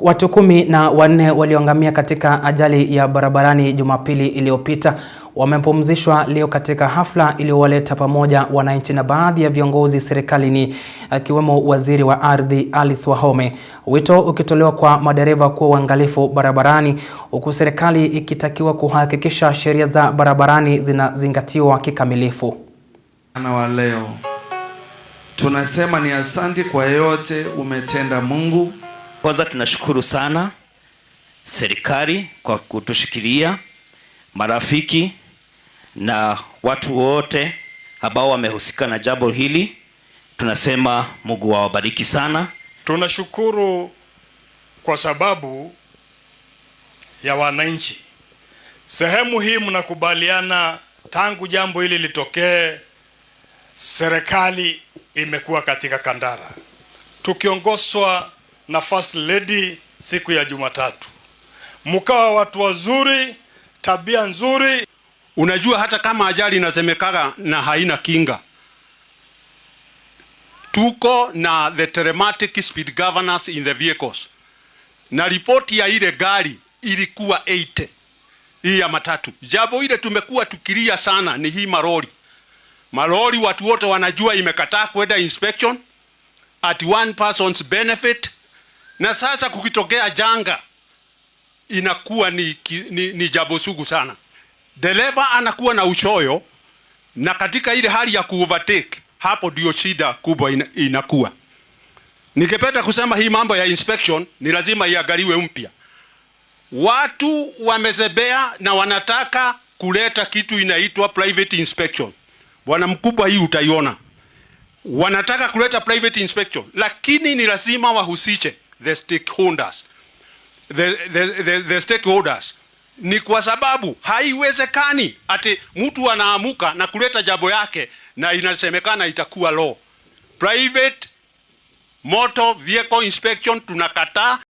Watu kumi na wanne walioangamia katika ajali ya barabarani Jumapili iliyopita wamepumzishwa leo katika hafla iliyowaleta pamoja wananchi na baadhi ya viongozi serikalini akiwemo Waziri wa Ardhi Alice Wahome. Wito ukitolewa kwa madereva kuwa uangalifu barabarani huku serikali ikitakiwa kuhakikisha sheria za barabarani zinazingatiwa kikamilifu. Na wa leo tunasema ni asante kwa yote umetenda Mungu kwanza tunashukuru sana serikali kwa kutushikilia, marafiki na watu wote ambao wamehusika na jambo hili, tunasema Mungu awabariki sana. Tunashukuru kwa sababu ya wananchi. Sehemu hii mnakubaliana, tangu jambo hili litokee, serikali imekuwa katika kandara tukiongozwa na First Lady siku ya Jumatatu, mkawa watu wazuri, tabia nzuri. Unajua, hata kama ajali inasemekana na haina kinga, tuko na the telematic speed governance in the vehicles, na ripoti ya ile gari ilikuwa 80 hii ya matatu. Jambo ile tumekuwa tukilia sana ni hii marori malori, watu wote wanajua imekataa kwenda inspection at one person's benefit na sasa kukitokea janga inakuwa ni, ni, ni jambo sugu sana. Dereva anakuwa na uchoyo, na katika ile hali ya kuovertake, hapo ndio shida kubwa ina, inakuwa. Ningependa kusema hii mambo ya inspection ni lazima iangaliwe mpya. Watu wamezebea na wanataka kuleta kitu inaitwa private inspection. Bwana mkubwa, hii utaiona, wanataka kuleta private inspection, lakini ni lazima wahusishe the stakeholders. The, the, the, the stakeholders ni kwa sababu haiwezekani ati mtu anaamuka na kuleta jambo yake na inasemekana itakuwa law. Private motor vehicle inspection tunakataa.